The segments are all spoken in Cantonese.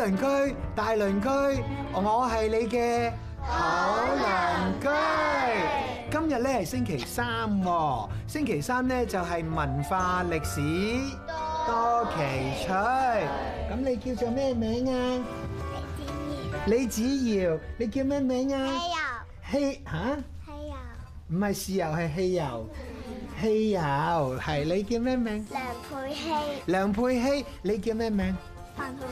鄰居，大鄰居，我係你嘅好鄰居。今日咧係星期三，星期三咧就係文化歷史多奇趣。咁你叫做咩名啊？李子堯。李子堯，你叫咩名啊？汽油。汽吓？汽油。唔係豉油，係汽油。汽油，係你叫咩名？梁佩希。梁佩希，你叫咩名？凡凡。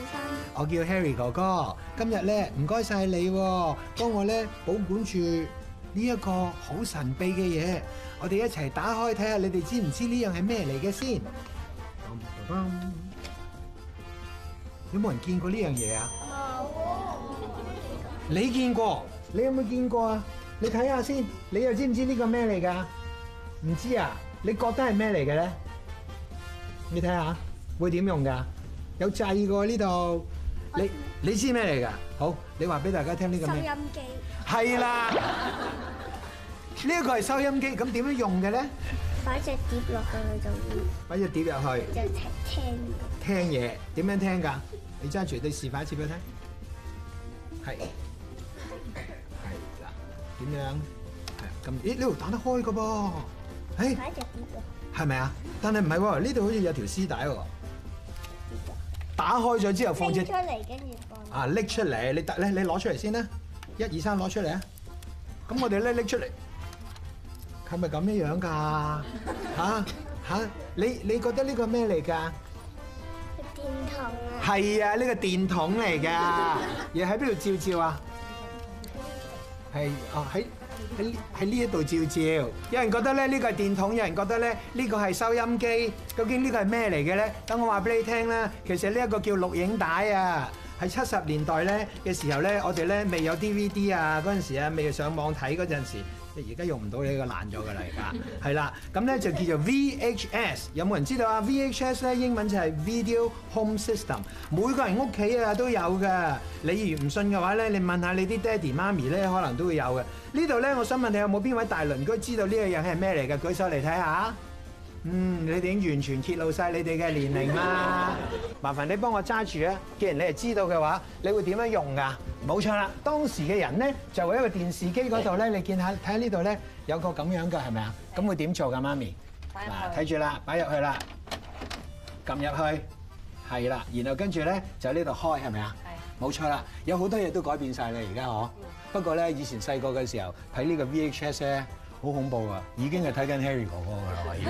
我叫 Harry 哥哥，今日呢，今日咧唔該晒你、啊幫呢，幫我咧保管住呢一個好神秘嘅嘢，我哋一齊打開睇下，你哋知唔知呢樣係咩嚟嘅先？有冇人見過呢樣嘢啊？你見過？你有冇見過啊？你睇下先，你又知唔知呢個咩嚟噶？唔知啊？你覺得係咩嚟嘅咧？你睇下會點用噶？有掣個呢度，你你知咩嚟㗎？好，你話俾大家聽呢個咩？收音機。係啦，呢一個係收音機，咁點樣用嘅咧？擺隻碟落去就完。擺隻碟入去。就聽聽嘢。聽嘢點樣聽㗎？你揸住，你示範一次俾佢聽。係，係啦，點樣？係咁，咦呢度打得開嘅噃？哎，擺隻碟㗎。係咪啊？但係唔係喎？呢度好似有條絲帶喎。打開咗之後放住，拎出嚟跟住放，啊拎出嚟，你得咧，你攞出嚟先啦，一二三攞出嚟啊！咁我哋咧拎出嚟，係咪咁嘅樣㗎？嚇嚇，你你覺得呢個咩嚟㗎？電筒啊，係啊，呢個電筒嚟㗎，嘢喺邊度照照啊？係啊，喺。喺喺呢一度照照，有人覺得咧呢個係電筒，有人覺得咧呢個係收音機。究竟呢個係咩嚟嘅咧？等我話俾你聽啦。其實呢一個叫錄影帶啊。喺七十年代咧嘅時候咧，我哋咧未有 DVD 啊，嗰陣時啊未上網睇嗰陣時。即係而家用唔到呢個爛咗嘅啦，而家係啦，咁咧就叫做 VHS。有冇人知道啊？VHS 咧英文就係 Video Home System。每個人屋企啊都有嘅。你如唔信嘅話咧，你問下你啲爹哋媽咪咧，可能都會有嘅。這裡呢度咧，我想問你有冇邊位大鄰居知道呢樣嘢係咩嚟嘅？舉手嚟睇下。嗯，你哋已經完全揭露晒你哋嘅年齡嘛？麻煩你幫我揸住啊！既然你係知道嘅話，你會點樣用㗎？冇錯啦，當時嘅人咧，就喺個電視機嗰度咧，你見下睇下呢度咧有個咁樣嘅係咪啊？咁是的 會點做㗎，媽咪？嗱，睇住啦，擺入去啦，撳入去，係啦，然後跟住咧就呢度開係咪啊？冇是的 錯啦，有好多嘢都改變晒啦，而家哦，是的 不過咧，以前細個嘅時候睇呢個 VHS 咧。好恐怖啊！已經係睇緊 Harry 哥哥㗎啦，已經。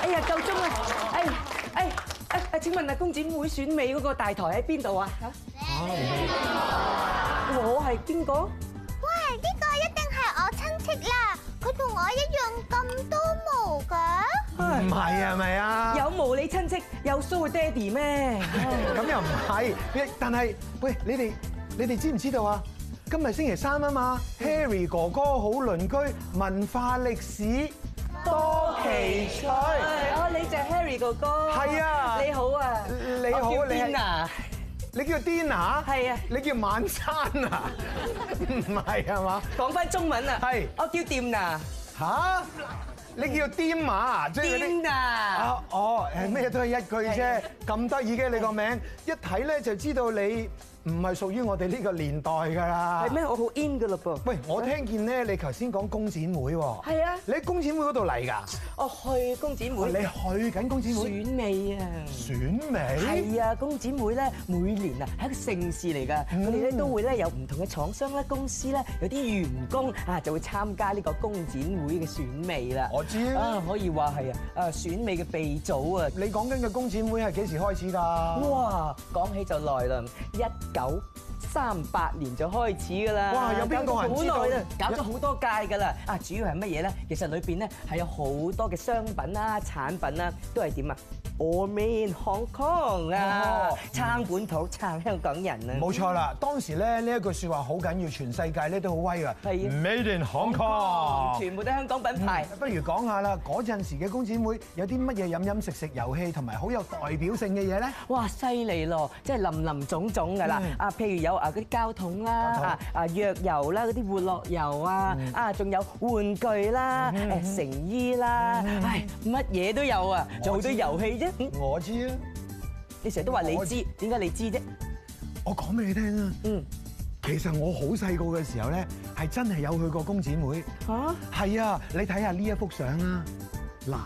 哎呀，哎呀，夠鐘啦！哎，哎，哎，請問啊，工展會選美嗰個大台喺邊度啊？嚇，我係邊個？喂，呢個一定係我親戚啦！佢同我一樣咁多毛噶。唔係啊？係咪啊？有毛你親戚，有鬚嘅爹哋咩？咁又唔係，但係，喂，你哋你哋知唔知道啊？今日星期三啊嘛，Harry 哥哥好鄰居，文化歷史多奇趣。啊，你就係 Harry 哥哥。係啊。你好啊。你好，你係。你叫 Dina？你叫 Dina？係啊。你叫晚餐啊？唔係啊嘛。講翻中文啊。係。我叫 Dina。嚇？你叫 Dina？即係 Dina。啊，哦，係咩都係一句啫。咁得意嘅你個名，一睇咧就知道你唔係屬於我哋呢個年代噶啦。係咩？我好 in 㗎嘞噃。喂，我聽見咧，你頭先講工展會喎。係啊。你喺工展會度嚟噶哦，去工展會，你去緊工展會？選美啊！選美？係啊！工展會咧每年啊係一個盛事嚟噶，佢哋咧都會咧有唔同嘅廠商咧公司咧有啲員工啊就會參加呢個工展會嘅選美啦。我知啊，可以話係啊，誒選美嘅鼻祖啊。你講緊嘅工展會係幾時？開始啦！哇，講起就耐啦，一九三八年就開始㗎啦。哇，有邊個係知？搞咗好耐，搞咗好多屆㗎啦。啊有，主要係乜嘢咧？其實裏面咧係有好多嘅商品啊、產品啊，都係點啊？我 mean Hong Kong 啊，撐本土，撐香港人啊！冇錯啦，當時咧呢一句説話好緊要，全世界咧都好威啊！Made in Hong Kong，全部都係香港品牌。不如講下啦，嗰陣時嘅工展會有啲乜嘢飲飲食食遊戲同埋好有代表性嘅嘢咧？哇！犀利咯，即係林林總總㗎啦！啊，譬如有啊嗰啲膠桶啦，啊藥油啦，嗰啲活絡油啊，啊仲有玩具啦，誒成衣啦，唉，乜嘢都有啊，仲好多遊戲。我知啊！嗯、你成日都話你知，點解你知啫？我講俾你聽啦。嗯，其實我好細個嘅時候咧，係真係有去過工展會。吓，係啊！你睇下呢一幅相啊。嗱，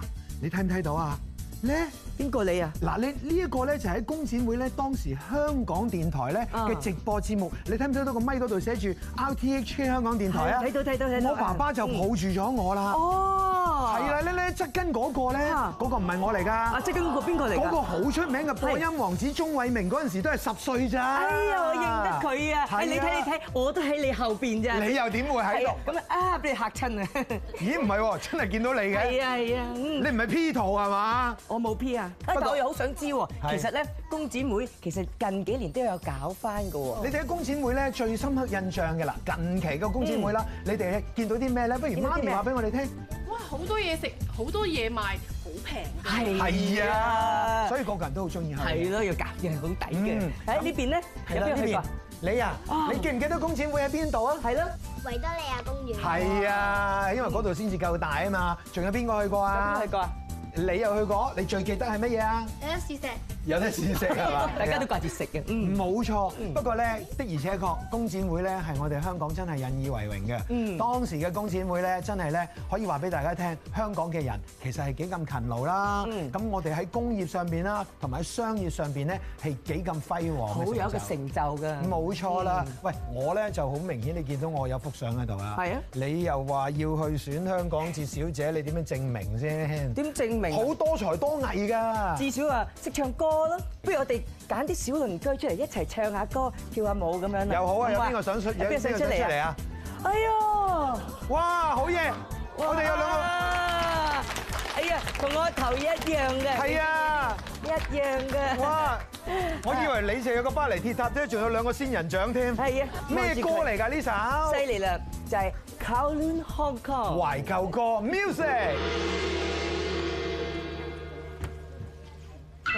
你睇唔睇到啊？咧誰，邊、個你啊？嗱，呢呢一個咧就喺工展會咧，當時香港電台咧嘅直播節目，嗯、你睇唔睇到個咪嗰度寫住 R T H K 香港電台啊？睇到睇到睇到。到到我爸爸就抱住咗我啦。嗯、哦。係啦，咧，咧側跟嗰個咧，嗰個唔係我嚟㗎。側跟嗰個邊個嚟？嗰個好出名嘅播音王子鐘偉明，嗰陣時都係十歲咋。哎呀，我認得佢啊！係，你睇你睇，我都喺你後邊咋。你又點會喺度？咁啊啊！俾你嚇親啊！咦？唔係喎，真係見到你嘅。係啊係啊，嗯。你唔係 P 圖係嘛？我冇 P 啊，但係我又好想知喎。其實咧，工展會其實近幾年都有搞翻㗎喎。你哋工展會咧最深刻印象嘅啦，近期嘅工展會啦，你哋係見到啲咩咧？不如媽咪話俾我哋聽。哇！好～好多嘢食，好多嘢賣，好平。係，係啊，所以個個人都好中意。係咯，又夾，又好抵嘅。喺呢邊咧，有邊啲啊？你啊，你記唔記得工展會喺邊度啊？係咯，維多利亞公園。係啊，因為嗰度先至夠大啊嘛。仲有邊個去過啊？去過。你又去過，你最記得係乜嘢啊？閃石。有得試食係嘛？大家都掛住食嘅，冇錯。不過咧，的而且確，工展會咧係我哋香港真係引以為榮嘅。當時嘅工展會咧，真係咧可以話俾大家聽，香港嘅人其實係幾咁勤勞啦。咁我哋喺工業上邊啦，同埋喺商業上邊咧係幾咁輝煌，好有一個成就㗎。冇錯啦。喂，我咧就好明顯，你見到我有幅相喺度啊。係啊。你又話要去選香港節小姐，你點樣證明先？點證明？好多才多藝㗎。至少啊，識唱歌。不如我哋揀啲小鄰居出嚟一齊唱下歌、跳下舞咁樣啦。又好啊，有邊個想出？有邊個想出嚟嚟啊？哎呀！哇，好嘢！我哋有兩個。哎呀，同我頭一樣嘅。係啊，一樣嘅。哇！我以為你就有個巴黎鐵塔啫，仲有兩個仙人掌添。係啊。咩歌嚟㗎呢首？犀利啦，就係《Kowloon Hong Kong》懷舊歌，music。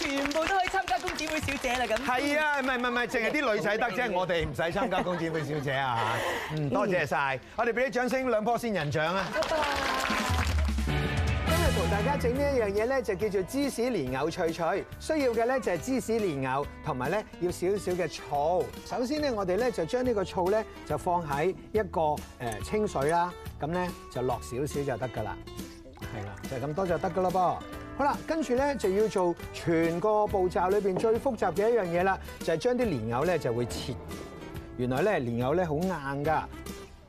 全部都可以參加工展小姐啦，咁。係啊，唔係唔係，淨係啲女仔得啫，我哋唔使參加工展小姐啊。嗯，多謝晒，我哋俾啲掌聲兩樖仙人掌啊！今日同大家整呢一樣嘢咧，就叫做芝士蓮藕脆脆，需要嘅咧就係芝士蓮藕，同埋咧要少少嘅醋。首先咧，我哋咧就將呢個醋咧就放喺一個誒清水啦，咁咧就落少少就得㗎啦，係啦，就咁多就得㗎啦噃。好啦，跟住咧就要做全個步驟裏面最複雜嘅一樣嘢啦，就係將啲蓮藕咧就會切。原來咧蓮藕咧好硬㗎，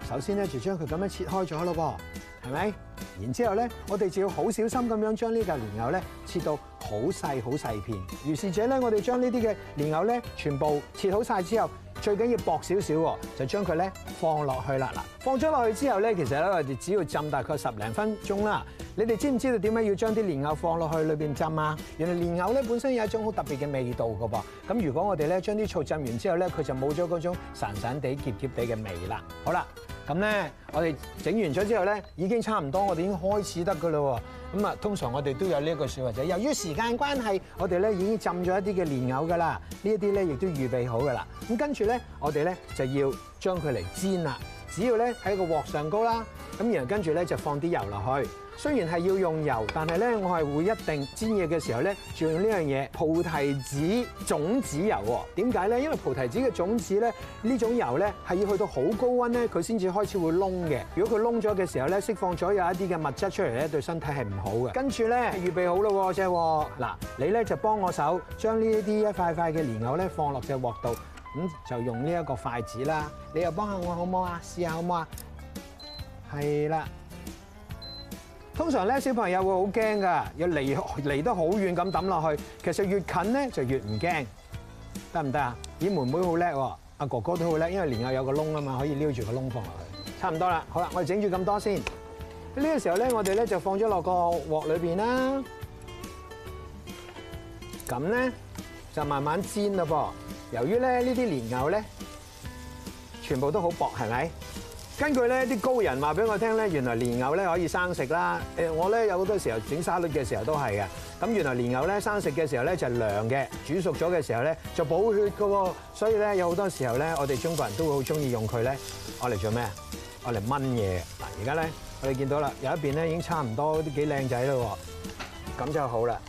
首先咧就將佢咁樣切開咗咯噃。係咪？然之後咧，我哋就要好小心咁樣將呢嚿蓮藕咧切到好細好細片。如是者咧，我哋將呢啲嘅蓮藕咧全部切好晒之後，最緊要薄少少喎，就將佢咧放落去啦。嗱，放咗落去之後咧，其實咧我哋只要浸大概十零分鐘啦。你哋知唔知道點解要將啲蓮藕放落去裏邊浸啊？原來蓮藕咧本身有一種好特別嘅味道㗎噃。咁如果我哋咧將啲醋浸完之後咧，佢就冇咗嗰種散散地、澀澀地嘅味啦。好啦。咁咧，我哋整完咗之後咧，已經差唔多，我哋已經開始得噶喇喎。咁啊，通常我哋都有呢一個說話，就由於時間關係，我哋咧已經浸咗一啲嘅蓮藕噶啦，呢一啲咧亦都預備好噶啦。咁跟住咧，我哋咧就要將佢嚟煎啦。只要咧喺個鑊上高啦，咁然後跟住咧就放啲油落去。雖然係要用油，但係咧，我係會一定煎嘢嘅時候咧，仲要用呢樣嘢，菩提子種子油。點解咧？因為菩提子嘅種子咧，呢種油咧係要去到好高溫咧，佢先至開始會燶嘅。如果佢燶咗嘅時候咧，釋放咗有一啲嘅物質出嚟咧，對身體係唔好嘅。跟住咧，預備好咯，即係。嗱，你咧就幫我手，將呢一啲一塊塊嘅蓮藕咧放落隻鑊度，咁就用呢一個筷子啦。你又幫下我好唔好啊？試下好唔好啊？係啦。通常咧，小朋友會好驚㗎，要離離得好遠咁抌落去。其實越近咧，就越唔驚，得唔得啊？咦，妹妹好叻喎，阿哥哥都好叻，因為蓮藕有個窿啊嘛，可以撩住個窿放落去。差唔多啦，好啦，我哋整住咁多先。呢個時候咧，我哋咧就放咗落個鑊裏邊啦。咁咧就慢慢煎咯噃。由於咧呢啲蓮藕咧全部都好薄，係咪？根據咧啲高人話俾我聽咧，原來蓮藕咧可以生食啦。誒，我咧有好多時候整沙律嘅時候都係嘅。咁原來蓮藕咧生食嘅時候咧就係涼嘅，煮熟咗嘅時候咧就補血㗎喎。所以咧有好多時候咧，我哋中國人都會好中意用佢咧，來我嚟做咩啊？我嚟炆嘢。嗱，而家咧我哋見到啦，有一邊咧已經差唔多都幾靚仔咯喎，咁就好啦。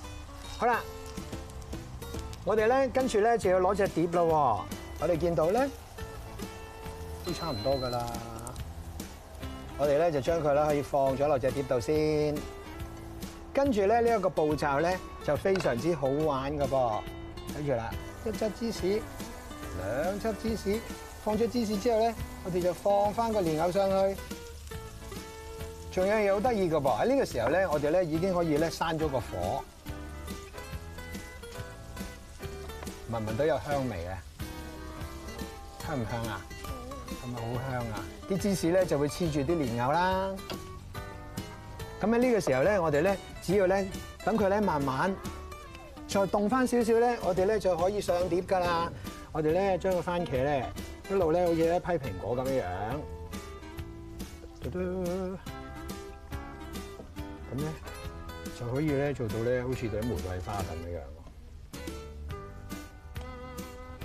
好啦，我哋咧跟住咧就要攞隻碟啦。我哋見到咧都差唔多噶啦。我哋咧就將佢咧可以放咗落隻碟度先，跟住咧呢一個步驟咧就非常之好玩嘅噃。睇住啦，一執芝士，兩執芝士，放咗芝士之後咧，我哋就放翻個蓮藕上去。仲有嘢好得意嘅噃，喺呢個時候咧，我哋咧已經可以咧閂咗個火。聞唔聞到有香味啊？香唔香啊？係咪好香啊！啲芝士咧就會黐住啲蓮藕啦。咁喺呢個時候咧，我哋咧只要咧等佢咧慢慢再凍翻少少咧，我哋咧就可以上碟噶啦、嗯。我哋咧將個番茄咧一路咧好似一批蘋果咁樣嘟嘟，咁咧、嗯、就可以咧做到咧好似對啲玫瑰花咁樣。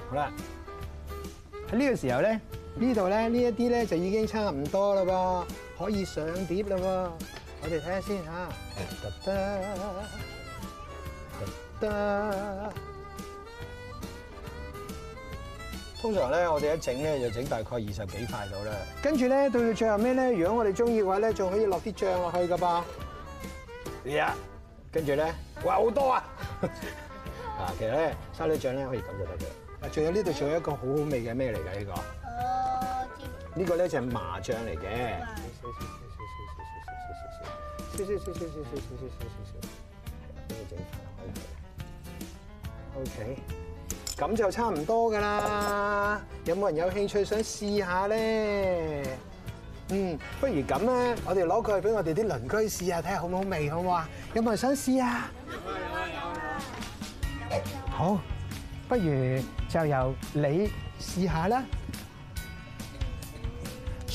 好啦，喺呢個時候咧。呢度咧，呢一啲咧就已經差唔多啦噃，可以上碟啦噃。我哋睇下先嚇。通常咧，我哋一整咧就整大概二十幾塊到啦。跟住咧，到最後咩咧？如果我哋中意嘅話咧，仲可以落啲醬落去噶噃。啊！跟住咧，哇好多啊！啊，其實咧，沙律醬咧可以咁就得嘅。啊，仲有呢度，仲有一個好好味嘅咩嚟㗎？呢個？呢個咧就係麻醬嚟嘅。OK，咁就差唔多㗎啦。有冇人有興趣想試下咧？嗯，不如咁咧，我哋攞佢俾我哋啲鄰居試下睇下好唔好味，好唔好啊？有冇人想試啊？好，不如就由你試下啦。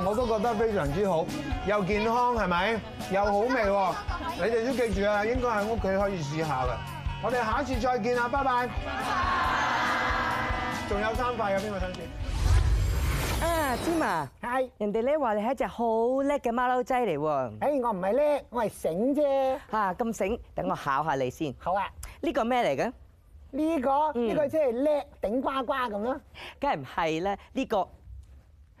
我都覺得非常之好，又健康，係咪？又好味喎！你哋都記住啊，應該喺屋企可以試下㗎。我哋下一次再見啊，拜拜！拜拜！仲有三塊，有邊個想試？啊，芝麻係人哋咧話你係一隻好叻嘅馬騮仔嚟喎。哎，我唔係叻，我係醒啫。吓，咁醒，等我考下你先。好啊。呢個咩嚟嘅？呢個呢個真係叻，頂呱呱咁咯。梗係唔係咧？呢個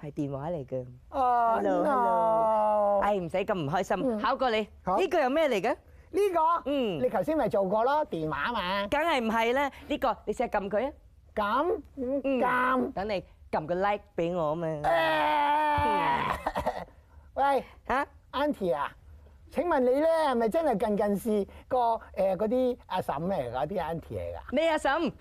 係電話嚟嘅。哦，哎，唔使咁唔開心，考過你。呢個有咩嚟嘅？呢個，嗯，你頭先咪做過咯，電話嘛。梗係唔係啦？呢個你成日撳佢啊。咁，咁。等你撳個 like 俾我啊嘛。喂，嚇，Auntie 啊？請問你咧係咪真係近近視個誒嗰啲阿嬸嚟㗎？啲 Auntie 㗎？咩阿嬸？